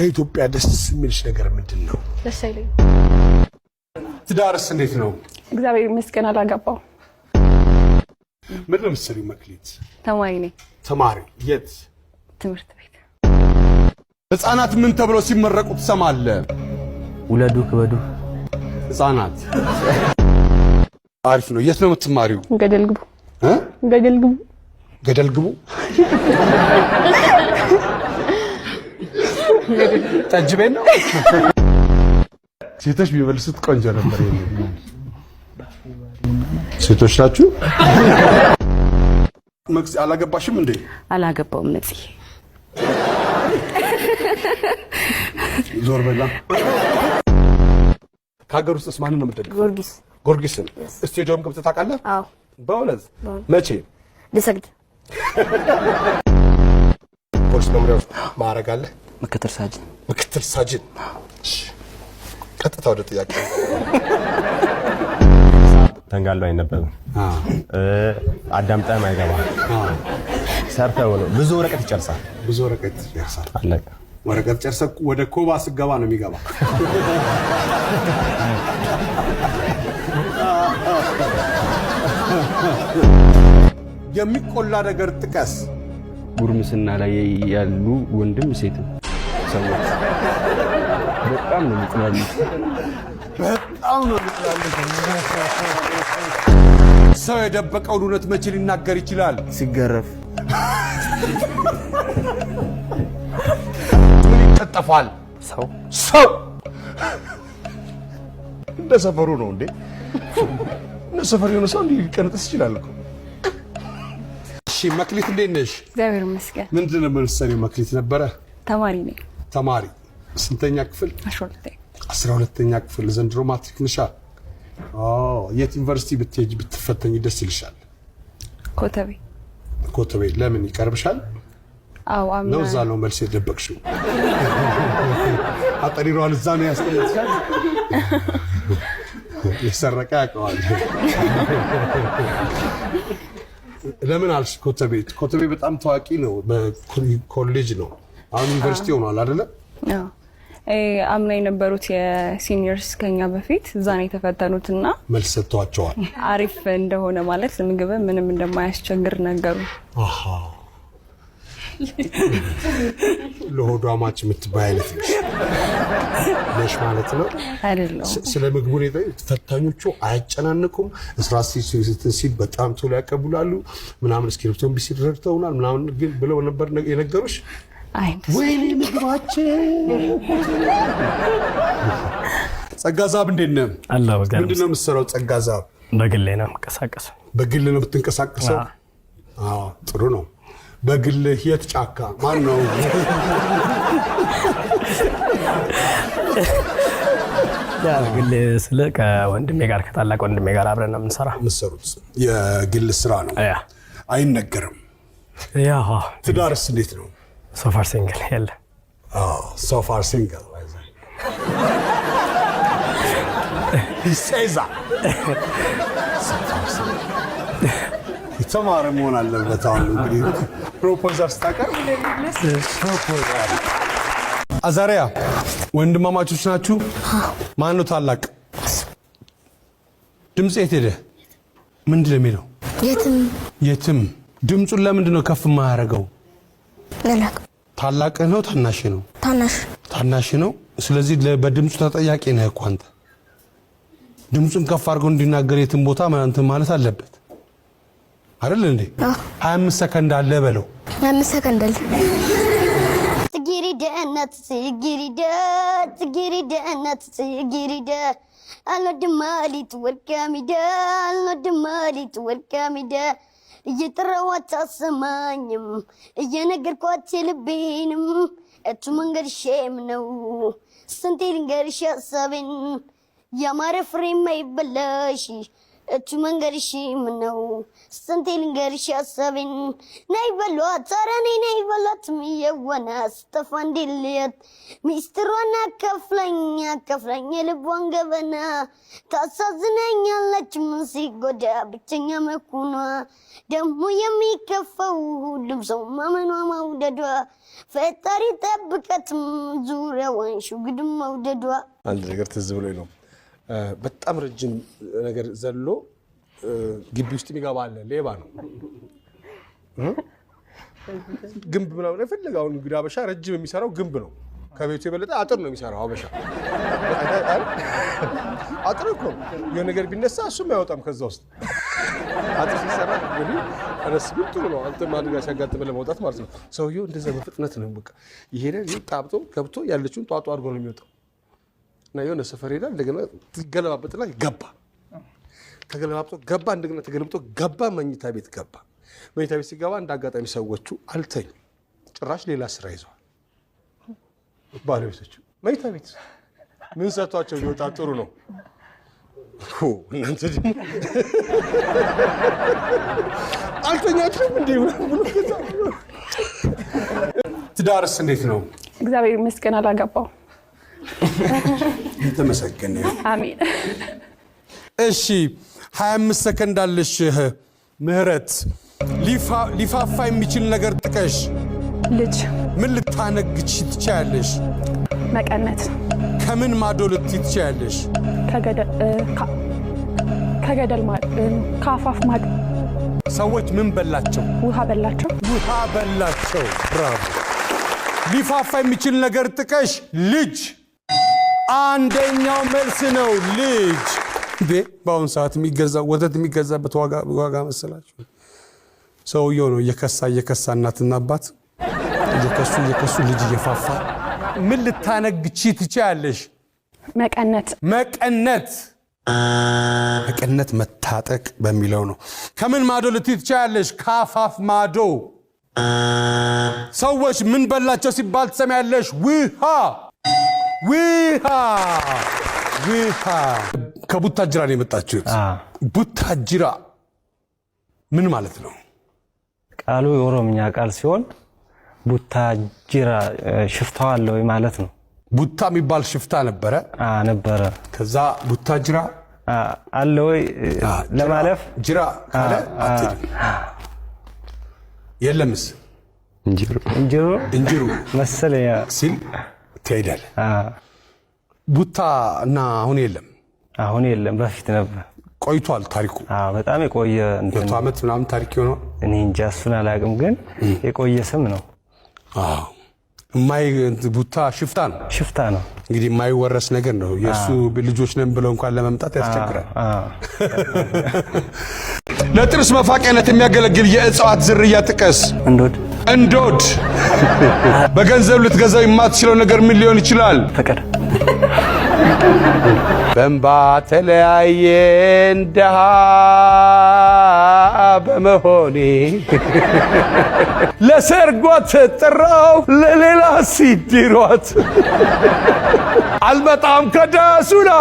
ከኢትዮጵያ ደስ የሚልሽ ነገር ምንድን ነው? ደስ አይለኝ። ትዳርስ እንዴት ነው? እግዚአብሔር ይመስገን አላገባው። ምን ነው የምትሰሪው? መክሊት ተማሪ ነኝ። ተማሪ የት ትምህርት ቤት? ህፃናት ምን ተብለው ሲመረቁ ትሰማለህ? ውለዱ፣ ክበዱ ህፃናት አሪፍ ነው። የት ነው የምትማሪው? ገደል ግቡ። ገደል ግቡ። ገደል ግቡ ጠጅ ቤት ነው። ሴቶች ቢመልሱት ቆንጆ ነበር። ሴቶች ናችሁ። አላገባሽም እንዴ? አላገባውም። ነፂ ዞር በላ። ከሀገር ውስጥ ማንን ነው የምትደግፈው? ጊዮርጊስ ጊዮርጊስን። ስቴዲየም ገብተህ ታውቃለህ? አዎ። በእውነት መቼ? ልሰግድ ፖሊስ መምሪያ ውስጥ ማረጋለህ ምክትል ሳጅን ምክትል ሳጅን። ቀጥታ ወደ ጥያቄ ተንጋሎ አይነበብም። አዳምጠም አይገባ ሰርተ ነው ብዙ ወረቀት ይጨርሳል። ብዙ ወረቀት ይጨርሳል። አለቀ። ወረቀት ጨርሰ ወደ ኮባ ስገባ ነው የሚገባ። የሚቆላ ነገር ጥቀስ። ጉርምስና ላይ ያሉ ወንድም ሴትም ሰዎች በጣም ነው የሚጥላሉት፣ በጣም ነው የሚጥላሉት። ሰው የደበቀውን እውነት መቼ ሊናገር ይችላል? ሲገረፍ ምን ይጠጠፋል? ሰው ሰው እንደ ሰፈሩ ነው እንዴ? እንደ ሰፈሩ የሆነ ሰው ሊቀነጥስ ይችላል እኮ። እሺ መክሊት እንዴት ነሽ? እግዚአብሔር ይመስገን። ምንድን ነው የምትሰሪው መክሊት? ነበረ ተማሪ ነኝ። ተማሪ ስንተኛ ክፍል? አስራ ሁለተኛ ክፍል ዘንድሮ ማትሪክ ንሻል። የት ዩኒቨርሲቲ ብትሄጅ ብትፈተኝ ደስ ይልሻል? ኮተቤ። ኮተቤ ለምን ይቀርብሻል? ነው እዛ ነው መልስ የደበቅሽው? አጠሪሯን እዛ ነው ያስቀመጥሻል? የሰረቀ ያውቀዋል። ለምን አልሽ? ኮተቤ ኮተቤ በጣም ታዋቂ ነው፣ ኮሌጅ ነው አሁን ዩኒቨርሲቲ ሆኗል አደለ? አምና የነበሩት የሲኒየርስ ከኛ በፊት እዛን የተፈተኑት እና መልስ ሰጥተዋቸዋል። አሪፍ እንደሆነ ማለት ምግብ ምንም እንደማያስቸግር ነገሩ። ለሆዷ ማች የምትባይ አይነት ነሽ ማለት ነው ስለ ምግቡ ፈታኞቹ አያጨናንቁም። ስራ ሲል በጣም ቶሎ ያቀብላሉ ምናምን፣ እስክሪፕቶን ቢሲ ረድተውናል ምናምን ብለው ነበር የነገሩሽ? ወይኔ ምግባችን ጸጋ ዛብ እንዴት ነህ? ምንድን ነው የምትሰራው? ጸጋ ዛብ በግል ነው የምንቀሳቀሰው። በግል ነው የምትንቀሳቀሰው? ጥሩ ነው። በግል የት ጫካ? ማን ነው? ግል ስል ከወንድሜ ጋር ከታላቅ ወንድሜ ጋር አብረን ነው የምንሰራ። የምትሰሩት የግል ስራ ነው አይነገርም። ትዳርስ እንዴት ነው? ሶፋር ሲንግል የለ ሶፋር ሲንግል የተማረ መሆን አለበት። አሁን እንግዲህ ፕሮፖዛል ስታቀርብ አዛሪያ ወንድማማቾች ናችሁ? ማን ነው ታላቅ? ድምፅ የት ሄደ? ምንድን የሚለው? የትም የትም። ድምፁን ለምንድን ነው ከፍ የማያደርገው? ታላቅ ነው ታናሽ ነው? ታናሽ ታናሽ ነው። ስለዚህ በድምፁ ተጠያቂ ነህ እኮ አንተ። ድምፁን ከፍ አድርገው እንዲናገር የትን ቦታ እንትን ማለት አለበት አይደል እንዴ? 25 ሰከንድ አለ በለው። 25 ሰከንድ አለ። ትግሪደነት ትግሪደ ትግሪደነት ትግሪደ አልወድም አሊት ወልካሚደ አልወድም አሊት ወልካሚደ እየጠራኋት አሰማኝም እየነገርኳት ልቤንም እቱ መንገድ ሼም ነው ስንቴ ልንገርሽ ሀሳቤን ያማረ ፍሬ የማይበላሽ እቹ መንገድሽ ምን ነው? ስንቴ ልንገርሽ ሀሳቤን ናይ በሏት፣ ኧረ ነይ ናይ በሏት። ምየወና ስጠፋ እንዲልየት ሚስጥሯን አካፍላኝ አካፍላኝ የልቧን ገበና ታሳዝናኛለች ምን ሲጎዳ ብቸኛ መኩኗ ደሞ የሚከፈው ሁሉም ሰው ማመኗ መውደዷ ፈጣሪ ጠብቀት ዙሪያዋን ሽጉድም መውደዷ አንድ ነገር ትዝ ብሎኝ ነው በጣም ረጅም ነገር ዘሎ ግቢ ውስጥ የሚገባ አለ። ሌባ ነው። ግንብ ምናምን የፈለገ አሁን እንግዲህ አበሻ ረጅም የሚሰራው ግንብ ነው። ከቤቱ የበለጠ አጥር ነው የሚሰራው አበሻ። አጥር እኮ የሆነ ነገር ቢነሳ እሱም አይወጣም ከዛ ውስጥ አጥር ሲሰራ እንግዲህ ረስ ጥሩ ነው። አንተ አደጋ ሲያጋጥመ ለመውጣት ማለት ነው። ሰውየው እንደዛ በፍጥነት ነው በቃ ጣብጦ ገብቶ ያለችውን ጧጧ አድርጎ ነው የሚወጣው። እና የሆነ ሰፈር ሄዳ እንደገና ትገለባበጥና ገባ ተገለባብጦ ገባ እንደገና ተገለብጦ ገባ መኝታ ቤት ገባ። መኝታ ቤት ሲገባ እንደ አጋጣሚ ሰዎቹ አልተኙ፣ ጭራሽ ሌላ ስራ ይዘዋል። ባለቤቶቹ መኝታ ቤት ምን ሰጥቷቸው ይወጣ? ጥሩ ነው? እናንተ ደግሞ አልተኛችም እንዴ? ብሎ ትዳርስ እንዴት ነው? እግዚአብሔር ይመስገን አላገባው የተመሰገነ አሜን። እሺ 25 ሰከንድ አለሽ። ምህረት ሊፋፋ የሚችል ነገር ጥቀሽ። ልጅ ምን ልታነግች ትችያለሽ? መቀነት ከምን ማዶ ልት ትችያለሽ? ከገደል ከአፋፍ ማዶ። ሰዎች ምን በላቸው? ውሃ በላቸው። ውሃ በላቸው። ብራቮ። ሊፋፋ የሚችል ነገር ጥቀሽ። ልጅ አንደኛው መልስ ነው። ልጅ እንዴ! በአሁኑ ሰዓት የሚገዛ ወተት የሚገዛበት ዋጋ መሰላችሁ? ሰውየው ነው እየከሳ እየከሳ እናትና አባት እየከሱ እየከሱ ልጅ እየፋፋ ምን ልታነግቺ ትችያለሽ? መቀነት መቀነት መቀነት መታጠቅ በሚለው ነው። ከምን ማዶ ልትይ ትችያለሽ? ካፋፍ ማዶ ሰዎች ምን በላቸው ሲባል ትሰሚያለሽ? ውሃ ዊሃ ዊሃ ከቡታጅራ ነው የመጣችሁት። ቡታጅራ ምን ማለት ነው? ቃሉ የኦሮምኛ ቃል ሲሆን ቡታጅራ ሽፍታው አለ ወይ ማለት ነው። ቡታ የሚባል ሽፍታ ነበረ ነበረ። ከዛ ቡታጅራ አለ ወይ ለማለፍ ጅራ ካለ የለምስ እንጅሩ እንጅሩ መሰለኝ ሲል ትሄዳለህ። ቡታ እና አሁን የለም፣ አሁን የለም። በፊት ነበር። ቆይቷል ታሪኩ በጣም የቆየ መቶ ዓመት ምናምን ታሪክ ይሆናል። እኔ እንጃ እሱን አላውቅም፣ ግን የቆየ ስም ነው። ቡታ ሽፍታ ነው፣ ሽፍታ ነው። እንግዲህ የማይወረስ ነገር ነው። የእሱ ልጆች ነን ብለው እንኳን ለመምጣት ያስቸግራል። ለጥርስ መፋቂያነት የሚያገለግል የእጽዋት ዝርያ ጥቀስ እንዶድ እንዶድ በገንዘብ ልትገዛው የማትችለው ነገር ምን ሊሆን ይችላል? ፍቅር። በእንባ ተለያየ እንደሃ በመሆኔ ለሰርጓት ጠራው ለሌላ ሲዲሯት አልመጣም ከዳሱና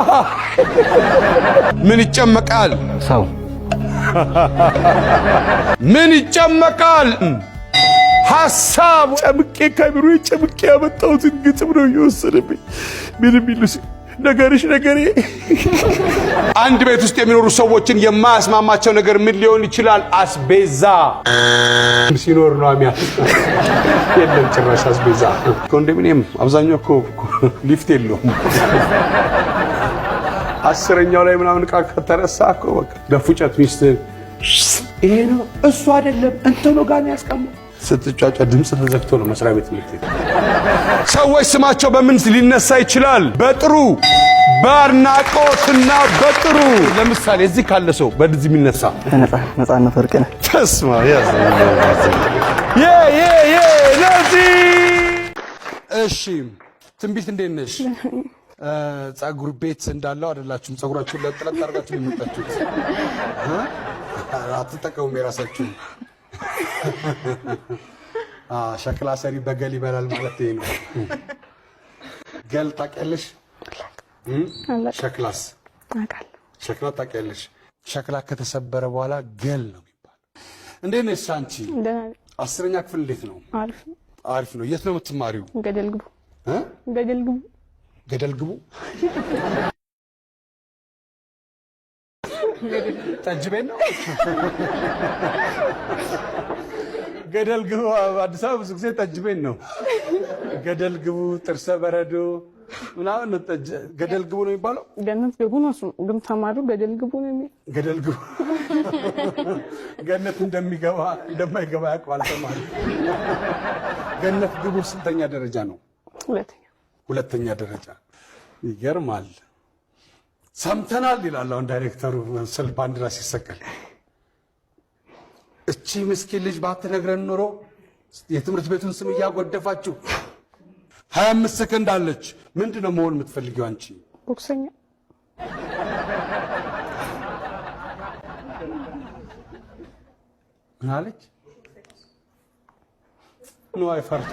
ምን ይጨመቃል ሰው ምን ይጨመቃል? ሐሳብ ጨምቄ ከቢሮ ጨምቄ ያመጣሁትን ግጥም ነው እየወሰደብኝ። ምንም ይሉስ ነገርሽ ነገሬ። አንድ ቤት ውስጥ የሚኖሩ ሰዎችን የማያስማማቸው ነገር ምን ሊሆን ይችላል? አስቤዛ ሲኖር ነው ሚያ የለም ጭራሽ አስቤዛ። ኮንዶሚኒየም አብዛኛው እኮ ሊፍት የለውም። አስረኛው ላይ ምናምን ዕቃ ከተረሳ እኮ በቃ ደፉጨት ሚስት ይሄ ነው እሱ አይደለም እንትኑ ጋር ነው ስትጫጫ ድምፅ ተዘግቶ ነው መስሪያ ቤት ምልክት። ሰዎች ስማቸው በምን ሊነሳ ይችላል? በጥሩ በአድናቆትና በጥሩ ለምሳሌ እዚህ ካለ ሰው በዚህ የሚነሳ ነፃነት ወርቅ ነ ተስማ እሺ፣ ትንቢት እንዴት ነሽ? ፀጉር ቤት እንዳለው አይደላችሁም። ጸጉራችሁን ለጥለጥ አድርጋችሁ የምጠቱት አትጠቀሙም የራሳችሁን ሸክላ ሰሪ በገል ይበላል ማለት ይሄ ነው። ገል ታውቂያለሽ? ሸክላስ ሸክላ ታውቂያለሽ? ሸክላ ከተሰበረ በኋላ ገል ነው የሚባለው። እንዴት ነሽ አንቺ? አስረኛ ክፍል እንዴት ነው? አሪፍ ነው። የት ነው የምትማሪው? ገደል ግቡ። ገደል ግቡ። ገደል ግቡ ጠጅ ቤት ነው። ገደል ግቡ አዲስ አበባ ብዙ ጊዜ ጠጅ ቤት ነው። ገደል ግቡ፣ ጥርሰ በረዶ ምናምን ገደል ግቡ ነው የሚባለው። ገነት ግቡ ነው እሱ፣ ግን ተማሪው ገደል ግቡ ነው የሚል ገደል ግቡ ገነት እንደሚገባ እንደማይገባ ያውቃል ተማሪ። ገነት ግቡ ስንተኛ ደረጃ ነው? ሁለተኛ ሁለተኛ ደረጃ። ይገርማል። ሰምተናል ይላል። አሁን ዳይሬክተሩ መሰል ባንዲራ ሲሰቀል እቺ ምስኪን ልጅ ባትነግረን ኖሮ የትምህርት ቤቱን ስም እያጎደፋችሁ ሀያ አምስት ሰከንድ አለች። ምንድን ነው መሆን የምትፈልጊው አንቺ? ቦክሰኛ። ምን አለች? ነዋይ ፈርቶ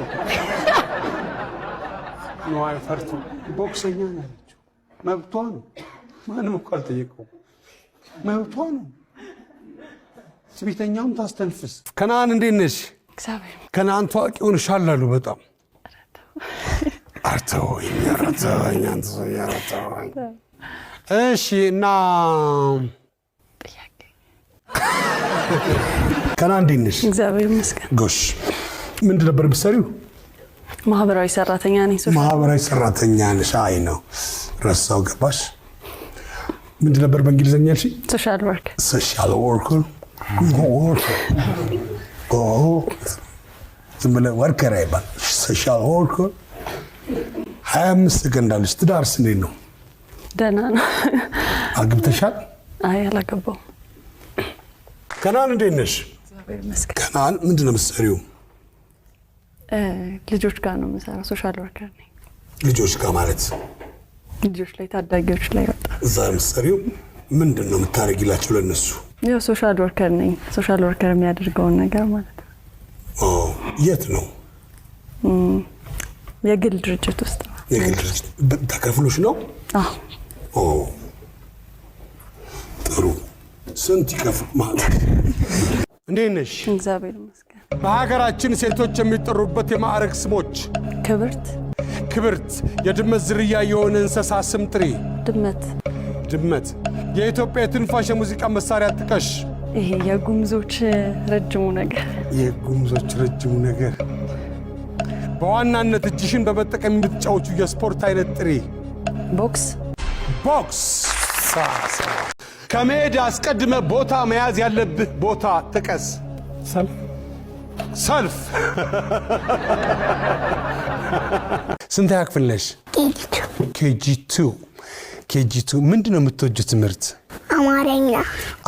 ነዋይ ፈርቶ ቦክሰኛ ነው ያለችው። መብቷ ነው። ማንም እኮ አልጠየቀው። መብቷ ነው። ትዕቢተኛውም ታስተንፍስ። ከነአን እንዴት ነሽ? ከነአን ታዋቂ ሆንሻል አሉ። በጣም አርተው እሺ። እና ከና እንዴት ነሽ? እግዚአብሔር ይመስገን። ጎሽ ምንድን ነበር ብትሰሪው? ማህበራዊ ሰራተኛ ነኝ። ማህበራዊ ሰራተኛ ነሽ? አይ ነው ረሳው። ገባሽ ምንድ ነበር በእንግሊዝኛ ያልሽኝ? ሶሻል ወርክ ሶሻል ወርከር ወርከር ዝም ብለህ ወርከር አይባል ሶሻል ወርከር ሀያ አምስት ሰከንድ አለች። ትዳርስ እንዴት ነው? ደህና ነው። አግብተሻል? አይ አላገባሁም። ከናን እንዴት ነሽ? ከናን ምንድን ነው የምትሰሪው? ልጆች ጋር ነው የምሰራው። ሶሻል ወርከር ነኝ። ልጆች ጋር ማለት ልጆች ላይ ታዳጊዎች ላይ ወጣ እዛ ምሳሌው ምንድን ነው የምታደርጊላቸው ለነሱ? ያው ሶሻል ወርከር ነኝ። ሶሻል ወርከር የሚያደርገውን ነገር ማለት ነው። የት ነው? የግል ድርጅት ውስጥ ነው። የግል ድርጅት ተከፍሎች ነው? ጥሩ። ስንት ይከፍል ማለት እንዴት ነሽ? እግዚአብሔር ይመስገን። በሀገራችን ሴቶች የሚጠሩበት የማዕረግ ስሞች ክብርት ክብርት የድመት ዝርያ የሆነ እንስሳ ስም ጥሪ። ድመት ድመት። የኢትዮጵያ የትንፋሽ የሙዚቃ መሳሪያ ጥቀሽ። ይሄ የጉምዞች ረጅሙ ነገር የጉምዞች ረጅሙ ነገር። በዋናነት እጅሽን በመጠቀም የምትጫወቹ የስፖርት አይነት ጥሪ። ቦክስ ቦክስ። ከመሄድ አስቀድመ ቦታ መያዝ ያለብህ ቦታ ጥቀስ። ሰልፍ ሰልፍ ስንት ክፍል ነሽ? ኬጂ ቱ ኬጂ ቱ። ምንድን ነው የምትወጁ ትምህርት? አማርኛ።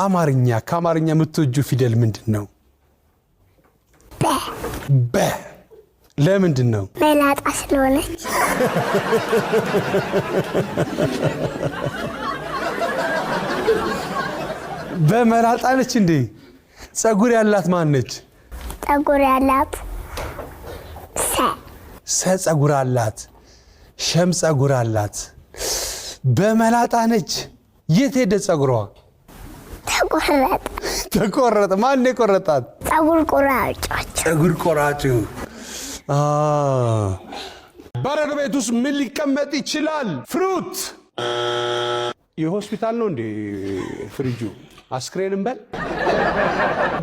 አማርኛ። ከአማርኛ የምትወጁ ፊደል ምንድን ነው? በ። ለምንድን ነው? መላጣ ስለሆነች። በመላጣ ነች እንዴ? ጸጉር ያላት ማን ነች? ጸጉር ያላት ሰፀጉር አላት፣ ሸም ፀጉር አላት። በመላጣ ነች። የት ሄደ ፀጉሯ? ተቆረጠ። ተቆረጠ። ማን የቆረጣት? ጸጉር ቆራጮች። ጸጉር ቆራጩ በረዶ ቤት ውስጥ ምን ሊቀመጥ ይችላል? ፍሩት። የሆስፒታል ነው እንዴ ፍሪጁ? አስክሬንም በል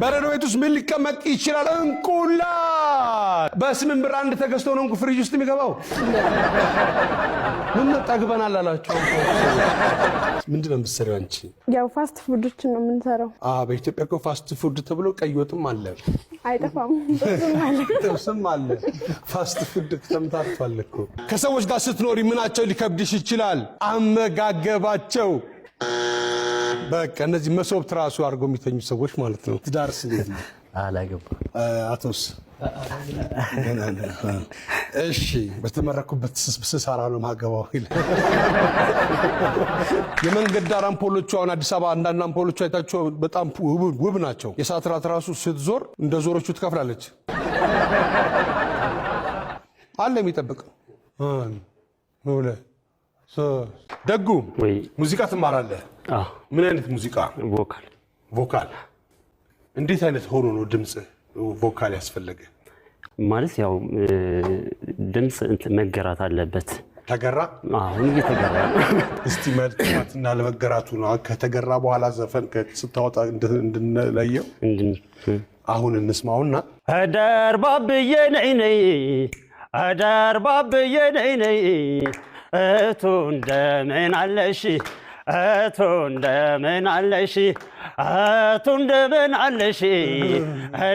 በረዶ ቤት ውስጥ ምን ሊቀመጥ ይችላል? እንቁላ? በስምንት ብር አንድ ተገዝቶ ነው እንኩ ፍሪጅ ውስጥ የሚገባው። ምን ጠግበናል አላቸው። ምንድን ነው የምትሰሪው አንቺ? ያው ፋስት ፉዶችን ነው የምንሰራው። በኢትዮጵያ እኮ ፋስት ፉድ ተብሎ ቀይ ወጥም አለ አይጠፋም፣ ጥብስም አለ። ፋስት ፉድ ተምታቷል እኮ። ከሰዎች ጋር ስትኖሪ ምናቸው ሊከብድሽ ይችላል? አመጋገባቸው በቃ እነዚህ መሶብ ራሱ አድርጎ የሚተኙ ሰዎች ማለት ነው። ትዳርስ እንዴት ነው? አላገባም። አቶስ እሺ፣ በተመረኩበት ስሳራ ነው ማገባው። የመንገድ ዳር አምፖሎቹ አሁን አዲስ አበባ አንዳንድ አምፖሎቹ አይታቸው በጣም ውብ ናቸው። የሰዓት ራት ራሱ ስትዞር እንደ ዞሮቹ ትከፍላለች። አለ የሚጠብቅ ደጉ ሙዚቃ ትማራለህ። ምን አይነት ሙዚቃ? ቮካል ቮካል እንዴት አይነት ሆኖ ነው ድምፅ ቮካል ያስፈለገ? ማለት ያው ድምፅ መገራት አለበት። ተገራ አሁን እየተገራ እስቲ መጥራት እና ለመገራቱ ነው። ከተገራ በኋላ ዘፈን ስታወጣ እንድንለየው አሁን እንስማውና አዳር ባብዬ ነይ ነይ እቱ እንደምን አለሽ አቶ እንደምን አለሽ አቶ እንደምን አለሽ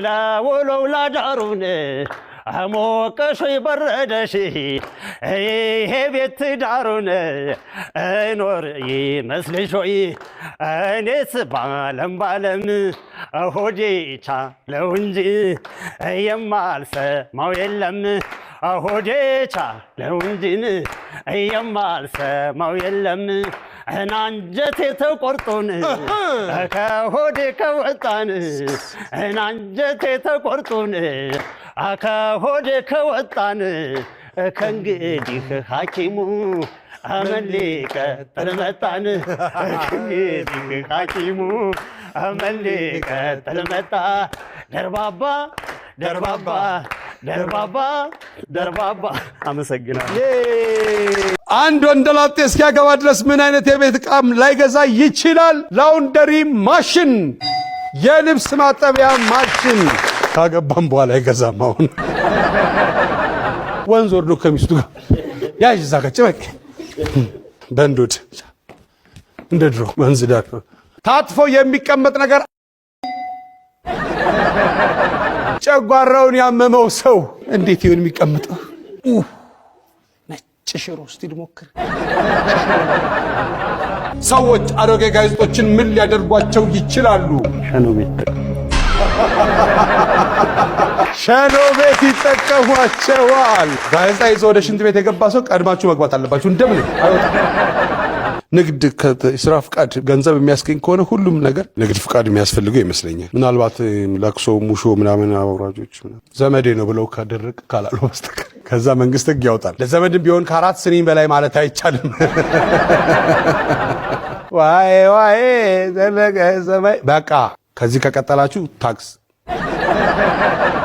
ላውለው ላዳሩን አሞቀሽ በረደሽ ይሄ ቤት ትዳሩን እኖር ይመስልሽ ሆይ እኔስ ባለም ባለም ሆዴ ቻለው እንጂ የማልሰማው የለም ሆዴ ቻለው እንጂ የማልሰማው የለም እናንጀቴ ተቆርጦን ከሆዴ ከወጣን እናንጀቴ ተቆርጦን ከሆዴ ከወጣን ከእንግዲህ ሐኪሙ አመሌ ቀጥል መጣን ከእንግዲህ ሐኪሙ አመሌ ቀጥል መጣ ደርባባ ደርባባ ደርባባ ደርባባ አመሰግናለሁ። አንድ ወንደላጤ እስኪያገባ ድረስ ምን አይነት የቤት ዕቃም ላይገዛ ይችላል? ላውንደሪ ማሽን፣ የልብስ ማጠቢያ ማሽን ካገባም በኋላ አይገዛም። አሁን ወንዝ ወርዶ ከሚስቱ ጋር ያዥ እዛ ከጭ በቃ እንደ ድሮ ወንዝ ዳር ታጥፎ የሚቀመጥ ነገር ጨጓራውን ያመመው ሰው እንዴት ይሆን የሚቀመጠው? ጭሽሮ እስቲ ልሞክር። ሰዎች አሮጌ ጋዜጦችን ምን ሊያደርጓቸው ይችላሉ? ሸኖ ቤት ሸኖ ቤት ይጠቀሟቸዋል። ጋዜጣ ይዞ ወደ ሽንት ቤት የገባ ሰው ቀድማችሁ መግባት አለባችሁ። እንደምን ንግድ ስራ ፍቃድ ገንዘብ የሚያስገኝ ከሆነ ሁሉም ነገር ንግድ ፍቃድ የሚያስፈልገው ይመስለኛል። ምናልባት ለቅሶ ሙሾ ምናምን አውራጆች ዘመዴ ነው ብለው ከድርቅ ካላሉ በስተቀር ከዛ መንግስት ህግ ያውጣል። ለዘመድም ቢሆን ከአራት ስኒ በላይ ማለት አይቻልም። ዋይ ዋይ ዘለቀ ሰማይ በቃ ከዚህ ከቀጠላችሁ ታክስ።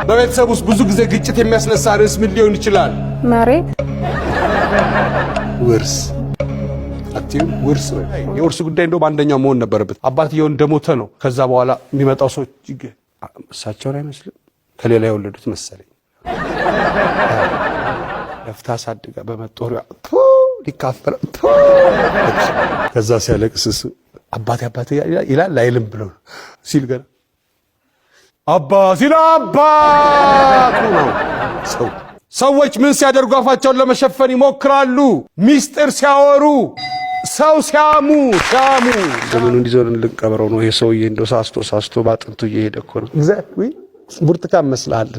በቤተሰብ ውስጥ ብዙ ጊዜ ግጭት የሚያስነሳ ርዕስ ምን ሊሆን ይችላል? መሬት፣ ውርስ አክቲቭ ውርስ የውርስ ጉዳይ እንደውም አንደኛው መሆን ነበረበት። አባትየው እንደሞተ ነው። ከዛ በኋላ የሚመጣው ሰው እሳቸውን አይመስልም ከሌላ የወለዱት መሰለኝ ለፍታ ሳድጋ በመጦሪያ ሊካፈል ከዛ ሲያለቅስስ አባቴ አባቴ ይላል አይልም ብሎ ሲል ገና አባ ሲል አባቱ ነው ሰው። ሰዎች ምን ሲያደርጉ አፋቸውን ለመሸፈን ይሞክራሉ? ሚስጥር ሲያወሩ፣ ሰው ሲያሙ ሲያሙ ዘመኑ እንዲዞርን ልንቀብረው ነው። ይሄ ሰውዬ እንደው ሳስቶ ሳስቶ በአጥንቱ እየሄደ እኮ ነው። ብርቱካን መስልሃል